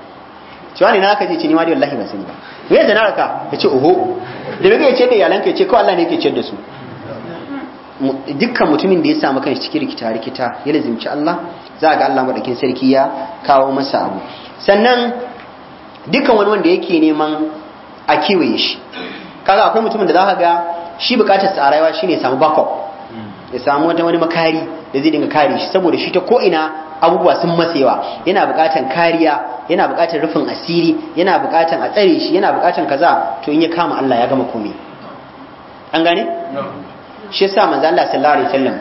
cewa ne naka ce ni ma wallahi ban sani ba me na raka ka ce oho da me ce da iyalanka ya ce ko Allah ne yake ciyar da su dukkan mutumin da ya samu kanshi cikin rikita rikita ya lazimci Allah za ga Allah madakin sarki ya kawo masa abu sannan dukkan wani wanda yake neman a kiwaye shi kaga akwai mutumin da zaka ga shi bukatar sa a rayuwa shine ya samu backup ya samu wata wani makari da zai dinga kare shi saboda shi ta ko ina abubuwa sun matsewa yana buƙatan kariya yana buƙatan rufin asiri yana buƙatan a tsare shi yana buƙatan kaza to in ya kama Allah ya gama komai an gane shi yasa manzo Allah sallallahu alaihi wasallam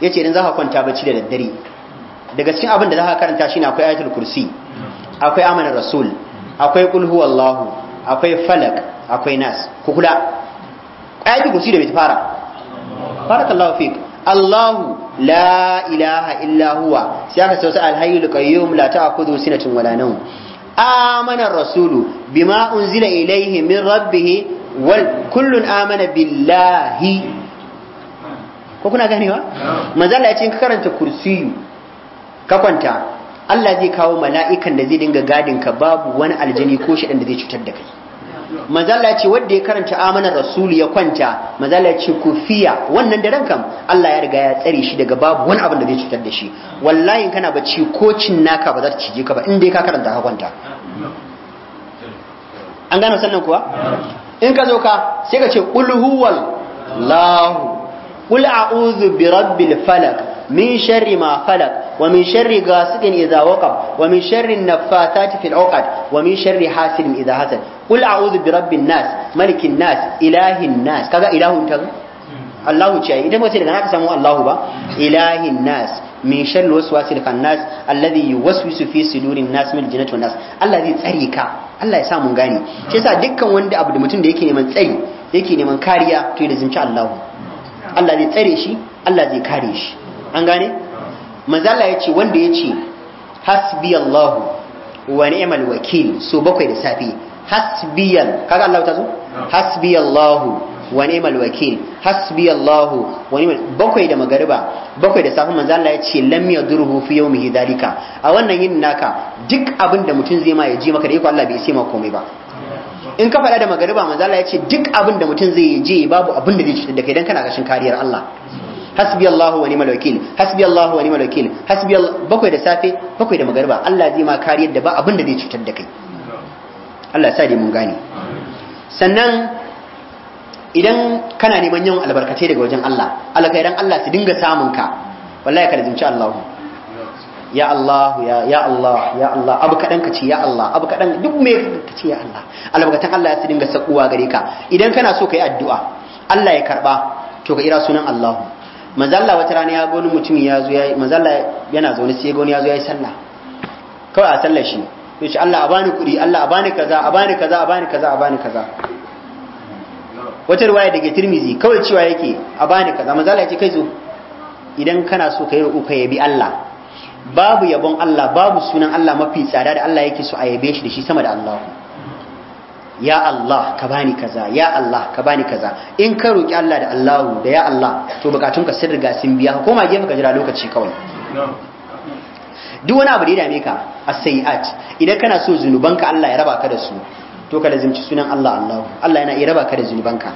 yace idan ka kwanta bacci da daddare daga cikin abin da ka karanta shine akwai ayatul kursi akwai amanar rasul akwai kul huwallahu akwai falak akwai nas ku kula ayatul kursi da bai fara barakallahu fik Allahu la ilaha illa huwa sai aka ce wasu alhayyul qayyum la ta'khudhu sinatun wala nawm amana rasulu bima unzila ilayhi min rabbih wal kullun amana billahi ko kuna ganewa manzo Allah ya ce ka karanta kursiyu ka kwanta Allah zai kawo mala'ikan da zai dinga gadin ka babu wani aljani ko shi da zai cutar da kai ya ce wanda ya karanta amanar rasulu ya kwanta ya ce kufiya wannan daren kam Allah ya riga ya tsare shi daga babu wani abin da zai cutar da shi wallahi kana bacci ko cin naka ba za ta cije ka ba inda dai ka karanta ka kwanta an gano sannan kuwa in ka zo ka sai ka ce qul lahu qul a'udhu bi rabbil falaq min sharri ma falak wa min sharri ghasiqin idha waqab wa min sharri naffathati fil uqad wa min sharri hasidin idha hasad qul a'udhu bi rabbin nas malikin nas ilahin nas kaga ilahun ta Allahu ce idan wace daga naka samu Allahu ba ilahin nas min sharri waswasil khannas alladhi yuwaswisu fi sudurin nas min jinnati wan nas Allah zai tsare ka Allah ya sa mun gane shi yasa dukkan wanda abu da mutum da yake neman tsari yake neman kariya to ya lazimci Allahu Allah zai tsare shi Allah zai kare shi an gane manzala ya ce wanda ya ce Hasbiyallahu Allah wa ni'mal wakil so bakwai da safi hasbiyan kaga Allah ta zo Hasbiyallahu Allah wa ni'mal wakil Hasbiyallahu Allah wa ni'mal bakwai da magariba bakwai da safi manzala ya ce lam yadurhu fi yawmihi dalika a wannan yin naka duk abin da mutum zai ma ya ji maka da iko Allah bai sai ma komai ba in ka faɗa da magariba manzala ya ce duk abin da mutum zai je babu abin da zai cutar da kai dan kana gashin kariyar Allah hasbi Allahu wa ni'mal wakil hasbi Allahu wa ni'mal wakil hasbi bakwai da safe bakwai da magariba Allah zai ma kariyar da ba abin da zai cutar da kai Allah ya sa dai mun gane sannan idan kana neman yawan albarkatai daga wajen Allah alkhairan Allah su dinga samun ka wallahi ka lazimci Allah ya Allah ya ya Allah ya Allah abu kadan ka ce ya Allah abu kadan duk me ka ce ya Allah albarkatan Allah su dinga sakuwa gare ka idan kana so ka yi addu'a Allah ya karba to ka ira sunan Allahu. manzalla wata rana ya goni mutum ya zo ya manzalla yana zaune sai goni ya zo ya yi sallah kawai a sallar shi ya ce Allah a bani kuɗi Allah a bani kaza a bani kaza a bani kaza a bani kaza wata riwaya daga Tirmizi kawai cewa yake a bani kaza manzalla ya ce kai zo idan kana so ka yi ruku ka yabi Allah babu yabon Allah babu sunan Allah mafi tsada da Allah yake so a yabe shi da shi sama da Allahu ya Allah ka bani kaza ya Allah ka bani kaza in ka roki Allah da Allahu da ya Allah to bukatun ka sun riga sun biya koma gefe ka jira lokaci kawai duk wani abu da ya dame ka as-sayiat idan kana so zunubanka Allah ya raba ka da su to ka lazimci sunan Allah Allahu Allah yana iya raba ka da ka.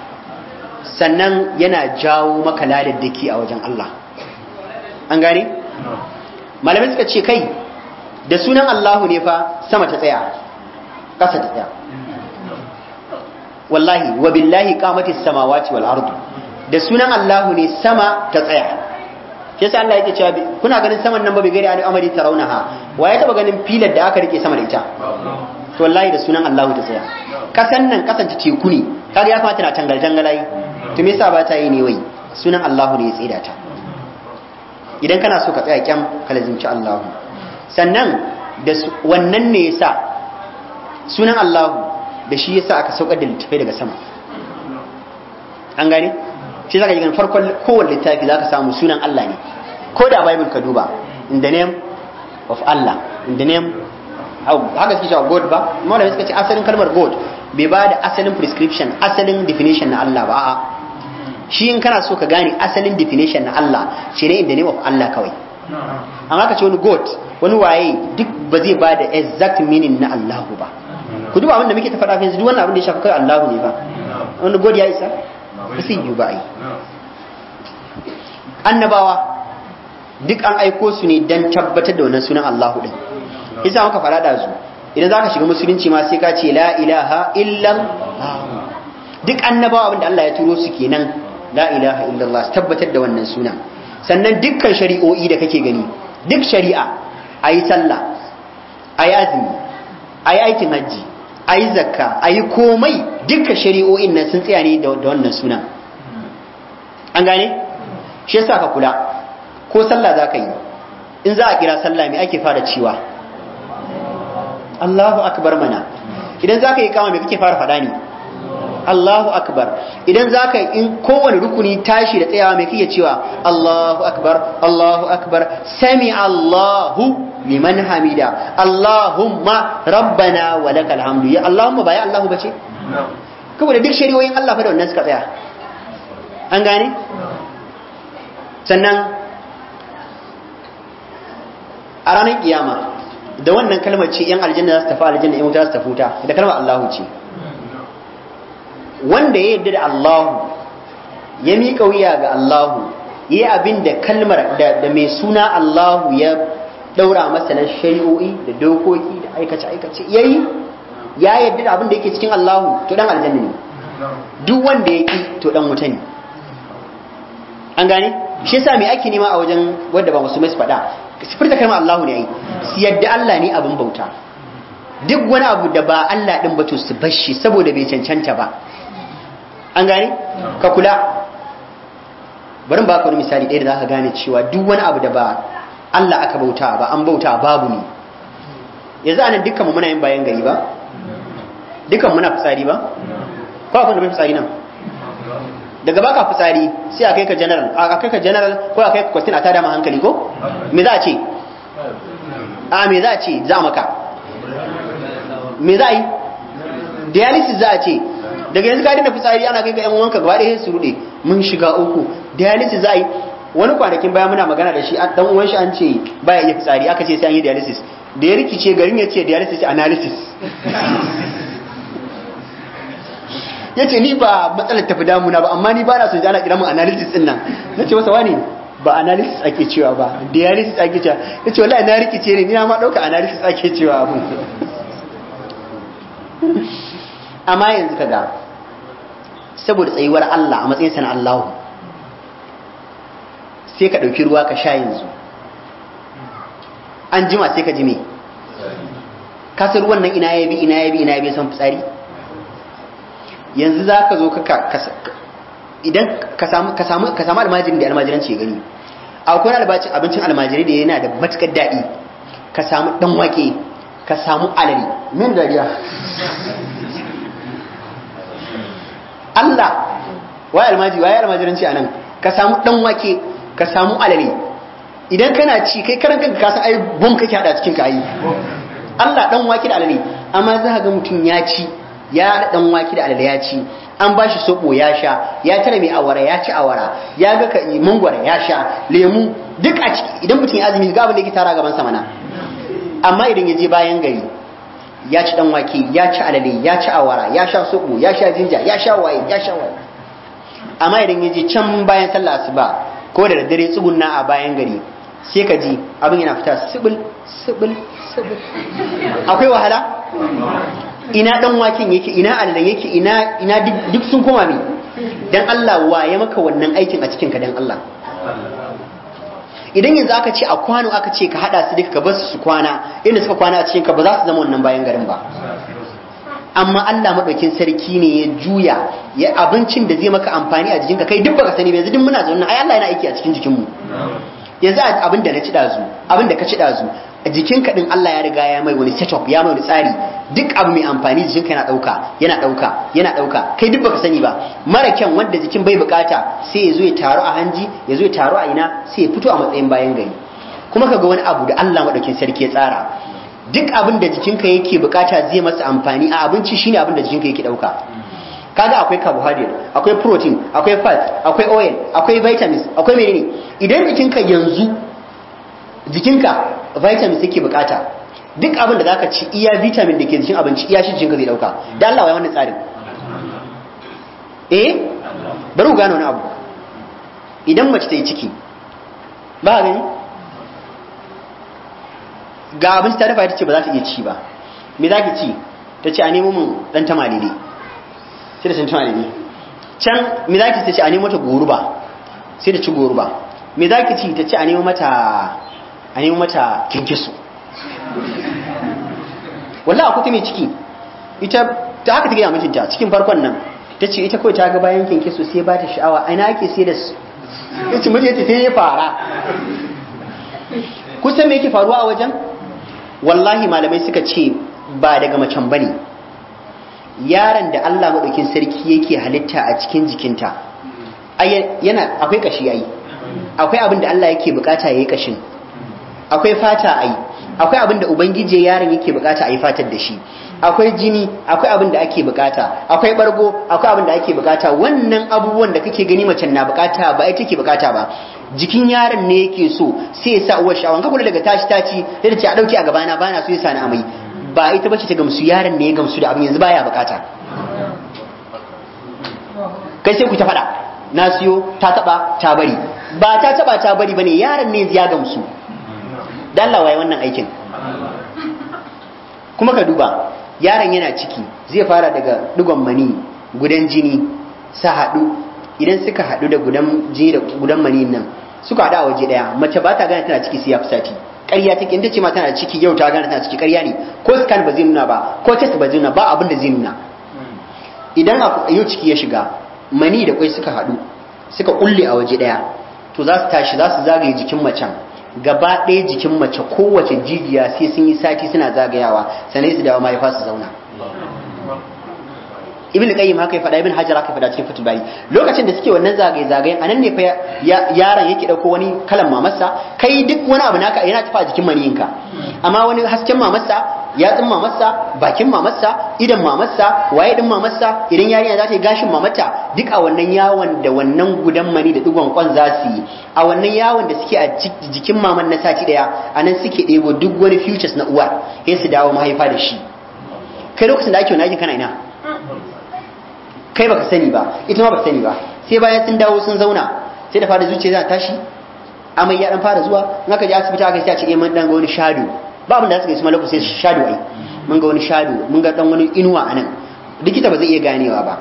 sannan yana jawo maka ladaddaki a wajen Allah an gane malamai suka ce kai da sunan Allahu ne fa sama ta tsaya ƙasa ta tsaya wallahi wa billahi qamatis samawati wal ardu da sunan Allahu ne sama ta tsaya shi yasa Allah yake cewa kuna ganin saman nan ba bi gari an amari tarawnaha wa ya taba ganin filar da aka rike sama da ita to wallahi da sunan Allahu ta tsaya kasan nan kasance teku ne kaga ya kamata na tangal tangalai to me yasa ba ta yi ne wai sunan Allahu ne ya tsida ta idan kana so ka tsaya kyam kalazinci lazimci Allahu sannan da wannan ne yasa sunan Allahu da shi yasa aka saukar da littafai daga sama an gane shi zaka ganin farkon kowane littafi zaka samu sunan Allah ne ko da bible ka duba in the name of Allah in the name haka suke cewa god ba malamai suka ce asalin kalmar god bai ba da asalin prescription asalin definition na Allah ba a'a shi in kana so ka gane asalin definition na Allah shi ne in the name of Allah kawai amma ka ce wani god wani waye duk ba zai ba da exact meaning na Allah ba ku duba abin da muke ta faɗa yanzu duk wannan abin da ya shafi kai Allahu ne ba Wannan god ya isa ba sai yi ba ai annabawa duk an aiko su ne dan tabbatar da wannan sunan Allahu din yasa muka faɗa da su idan zaka shiga musulunci ma sai ka ce la ilaha illa duk annabawa abin da Allah ya turo su kenan la ilaha illallah tabbatar da wannan sunan sannan dukkan shari'o'i da kake gani duk shari'a ayi sallah ayi azumi ayi aikin hajji ayi zakka ayi komai duka shari'o'in nan sun tsaya ne da wannan sunan an gane shi yasa ka kula ko sallah za yi in za a kira sallah me ake fara cewa Allahu akbar mana idan zaka yi kama me kake fara faɗa ne Allahu akbar idan zaka in kowane rukuni tashi da tsayawa mai kike cewa Allahu akbar Allahu akbar sami Allahu liman hamida Allahumma rabbana wa lakal hamdu ya Allahumma ba ya Allahu bace kuma da duk shari'o'in Allah fa da wannan suka tsaya an gane sannan a ranar kiyama da wannan kalmar ce yan aljanna za su tafi aljanna yan wuta za su tafi wuta da kalmar Allahu ce wanda ya yarda da Allahu ya miƙa wuya ga Allahu ya yi abin da kalmar da mai suna Allahu ya ɗaura masa na shari'o'i da dokoki da aikace-aikace ya yi ya yarda da abin da yake cikin Allahu to dan aljanna ne duk wanda ya ƙi to dan wuta ne an gane shi yasa me ake nema a wajen wanda ba musulmai su faɗa da kalmar Allahu ne ai su yadda Allah ne abin bauta duk wani abu da ba Allah din ba to su bashi saboda bai cancanta ba an gane ka kula bari ba ka wani misali ɗaya da za ka gane cewa duk wani abu da ba Allah aka bauta ba an bauta babu ne yanzu anan dukkan mu muna yin bayan gari ba dukkan muna fitsari ba ko akwai da bai fitsari nan daga baka fitsari sai a kai ka general a kai ka general ko a kai ka question a tada ma hankali ko me za a ce a me za a ce za maka me za a yi dialysis za a ce daga yanzu gari na fitsari ana kai ga yan uwanka gaba ɗaya su rude mun shiga uku dialysis za a yi wani kwanakin baya muna magana da shi dan uwan shi an ce baya iya fitsari aka ce sai an yi dialysis da ya rikice garin ya ce dialysis analysis ya ce ni ba matsalar tafi damuna ba amma ni ba na son ji ana kira mun analysis din nan na ce masa wani ba analysis ake cewa ba dialysis ake cewa ya ce wallahi na rikice ne ni na ma ɗauka analysis ake cewa abun amma yanzu ka gaba saboda tsayuwar Allah a matsayin sana Allahu sai ka ɗauki ruwa ka sha yanzu an jima sai ka ji me kasar ruwan nan ina ya bi ina ya bi ina ya bi son fitsari yanzu za ka zo ka idan ka samu ka samu ka samu almajirin da almajiranci ya gani akwai albacin abincin almajiri da yana da matukar daɗi ka samu ɗan wake ka samu alari min dariya Allah waye almaji waye almajiranci anan ka samu dan wake ka samu alale idan kana ci kai karan kanka ka san ai bom kake hada cikin ka Allah dan wake da alale amma za ka ga mutum ya ci ya dan wake da alale ya ci an ba shi soɓo ya sha ya tare mai awara ya ci awara ya ga ka eh, mangwara ya sha lemu duk a ciki idan mutum ya azumi ga abin da yake tara gaban sa mana amma idan ya je bayan gari ya ci dan wake ya ci alale ya ci awara ya sha suku ya sha jinja ya sha waye ya sha waye amma idan yaji can bayan sallah asuba ko da dare tsugunna a bayan gari sai ka ji abin yana fita sibil sibil sibil akwai wahala ina dan waken yake ina alale yake ina ina duk sun koma ne dan Allah waye maka wannan aikin a cikin ka dan Allah idan yanzu aka ce a kwano aka ce ka hada su duka ka bar su su kwana inda suka kwana a cikin ka ba za su zama wannan bayan garin ba amma Allah madaukin sarki ne ya juya ya abincin da zai maka amfani a jikinka kai duk baka sani ba yanzu duk muna zaune ai Allah yana aiki a cikin jikinmu yanzu abin na ci dazu abin ka ci dazu A jikinka din Allah ya riga ya mai wani setup ya mai wani tsari duk abu mai amfani jikinka yana dauka yana dauka yana dauka kai duk baka sani ba mara kyan wanda jikin bai bukata sai ya zo ya taro a hanji ya zo ya taro a ina sai ya fito a matsayin bayan gari kuma kaga wani abu da Allah madaukin sarki ya tsara duk abin da jikinka yake bukata zai masa amfani a abinci shine abin da jikinka yake dauka kaga akwai carbohydrate akwai protein akwai fat akwai oil akwai vitamins akwai menene idan jikinka yanzu jikinka vitamin suke bukata duk abin da zaka ci iya vitamin da ke jikin abinci iya shi jikinka zai dauka da Allah wai wannan tsarin eh bari ku gano wani abu idan mace ta yi ciki ba gani ga abinci ta dafa ta ce ba za ta iya ci ba me za ki ci ta ce a nemo mun dan tamale ne sai da san tamale ne can me za ki ta ce a nemo mata goruba sai da ci goruba me za ki ci ta ce a nemo mata an yi mata kinkisu wallah akwai mai ciki ita ta haka ta gaya mijinta cikin farkon nan ta ce ita kawai ta ga bayan kinkisu sai ba ta sha'awa aina ake sai da su ya ce mijinta sai ya fara kusan me yake faruwa a wajen wallahi malamai suka ce ba daga macen bane yaron da Allah madaukin sarki yake halitta a cikin jikinta yana akwai kashi yayi akwai abin da Allah yake bukata yayi kashin akwai fata a yi akwai abin da ubangiji yaron yake bukata a yi fatar da shi akwai jini akwai abin da ake bukata akwai bargo akwai abin da ake bukata wannan abubuwan da kake gani macen na bukata ba ita ke bukata ba jikin yaron ne yake so sai ya sa uwar shawan ka kula daga tashi tashi sai ta ce a dauke a gabana bana so ya sani amai ba ita bace ta gamsu yaron ne ya gamsu da abin yanzu baya bukata kai sai ku ta fada na siyo ta taba ta bari ba ta taba ta bari bane yaron ne ya gamsu dan Allah wannan aikin kuma ka duba yaron yana ciki zai fara daga dugon mani gudan jini sa haɗu idan suka haɗu da gudan jini da gudan mani nan suka haɗu a waje ɗaya mace ba ta gane tana ciki sai ya fi sati ƙarya take inda ce ma tana ciki yau ta gane tana ciki ƙarya ne ko scan ba zai nuna ba ko test ba zai nuna ba abin da zai nuna idan yau ciki ya shiga mani da kwai suka haɗu suka kulle a waje daya, to za su tashi za su zagaye jikin macen gaba ɗaya jikin mace kowace jijiya sai sun yi sati suna zagayawa sanai su dawo mahaifa su zauna ibn qayyim haka ya faɗa ibn hajar haka ya faɗa cikin fatul bari lokacin da suke wannan zagaye zagaye anan ne fa yaran yake dauko wani kalan mamarsa kai duk wani abu naka yana tafa a jikin maniyinka amma wani hasken mamarsa yatsun mamarsa bakin mamarsa idan mamarsa waye din mamarsa idan yarinya za ta yi gashin mamata duk a wannan yawon da wannan gudan mani da digon kwan za su yi a wannan yawon da suke a jikin maman na sati daya anan suke ɗebo duk wani futures na uwa sai su dawo mahaifa da shi kai lokacin da ake wani aikin kana ina kai baka sani ba ita ma baka sani ba sai bayan sun dawo sun zauna sai da fara zuciya za tashi amai ya dan fara zuwa in aka je asibiti aka sai a ce eh, mun dan ga wani shado ba abin da suka yi su malaku sai shado ai mun ga wani shado mun ga dan wani inuwa anan likita ba zai iya ganewa ba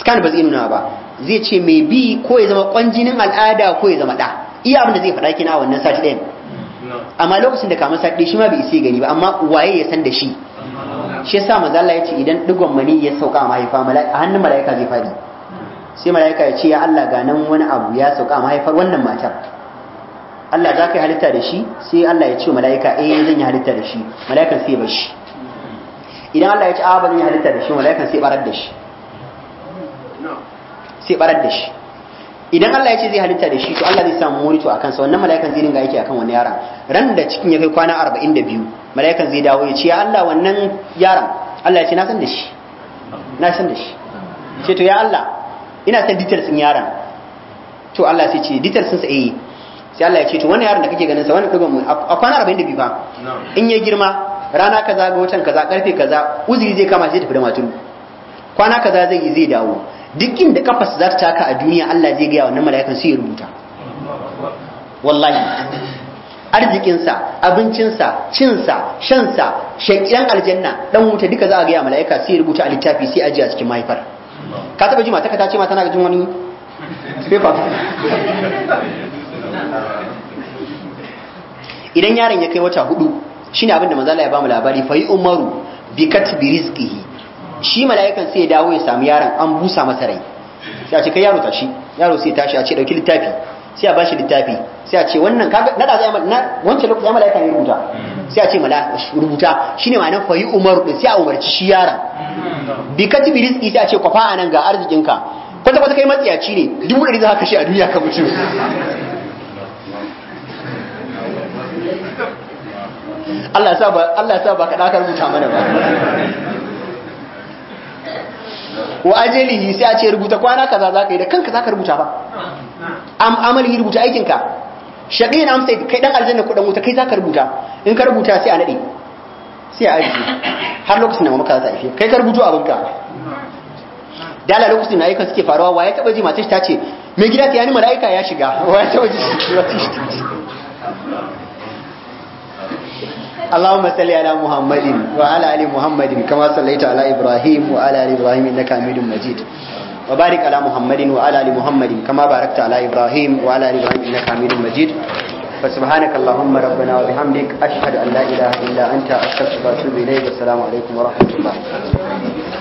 scan ba zai nuna ba zai ce mai bi ko ya zama kwanjinin al'ada ko ya zama da iya abin da zai faɗa kina wannan sati ɗayan amma lokacin da kamar sati shi ma bai isi gani ba amma waye ya san da shi shi yasa manzo Allah ya ce idan digon mani ya sauka mahaifa mala'ika hannun mala'ika zai fadi sai mala'ika ya ce ya Allah ga nan wani abu ya sauka mahaifar wannan matar Allah za ka yi halitta da shi sai Allah ya ce mala'ika eh zan yi halitta da shi mala'ikan sai bar shi idan Allah ya ce a ba zan yi halitta da shi mala'ikan sai barar da shi sai barar da shi idan Allah ya ce zai halitta da shi to Allah zai samu murito a kansa wannan mala'ikan zai dinga aiki akan wani yaron ran da cikin ya kai kwana 42 mala'ikan zai dawo ya ce ya Allah wannan yaron Allah ya ce na san da shi na san da shi ce to ya Allah ina san details din yaron to Allah sai ce details sun sa eh sai Allah ya ce to wannan yaron da kake ganin sa wannan digon mu a kwana 42 fa in ya girma rana kaza ga watan kaza karfe kaza uzuri zai kama shi tafi da maturu kwana kaza zai yi zai dawo Dukkin da kafas za ta taka a duniya Allah zai gaya wannan mala'ikan sai ya rubuta wallahi arzikinsa abincinsa cinsa shansa shaƙiyan aljanna dan wuta duka za a gaya mala'ika sai ya rubuta a littafi sai ajiya cikin mahaifar ka taba ji mataka ta ce ma tana jin wani paper idan yaron ya kai wata hudu shine abin da manzala ya bamu labari fa umaru bi katbi rizqihi shi mala'ikan sai ya dawo ya samu yaron an busa masa rai sai a ce kai yaro tashi yaro sai tashi a ce dauki littafi sai a bashi littafi sai a ce wannan kaga na da na wancan lokaci ya mala'ika ya rubuta sai a ce mala rubuta shine nan fayi umar din sai a umarci shi yaron bi ka ji sai a ce kwafa anan ga arzikinka kwata kwata kai matsiyaci ne dubu ɗari za kashe a duniya ka mutu Allah ya sa ba Allah ya sa ba ka rubuta mana ba wa ajalihi sai a ce rubuta kwana kaza za ka yi da kanka za ka rubuta ba am amali rubuta aikinka shaqiyin am sai kai dan aljanna ko dan wuta kai za ka rubuta in ka rubuta sai a nade sai a aji har lokacin da muka za ta ife kai ka rubuto abinka dala lokacin da ayyukan suke faruwa wa ya taba ji mace ta ce mai gida ta yani mala'ika ya shiga wa ya taba ji اللهم صل على محمد وعلى ال محمد كما صليت على ابراهيم وعلى ال ابراهيم انك حميد مجيد وبارك على محمد وعلى ال محمد كما باركت على ابراهيم وعلى ال ابراهيم انك حميد مجيد فسبحانك اللهم ربنا وبحمدك اشهد ان لا اله الا انت استغفرك واتوب اليك والسلام عليكم ورحمه الله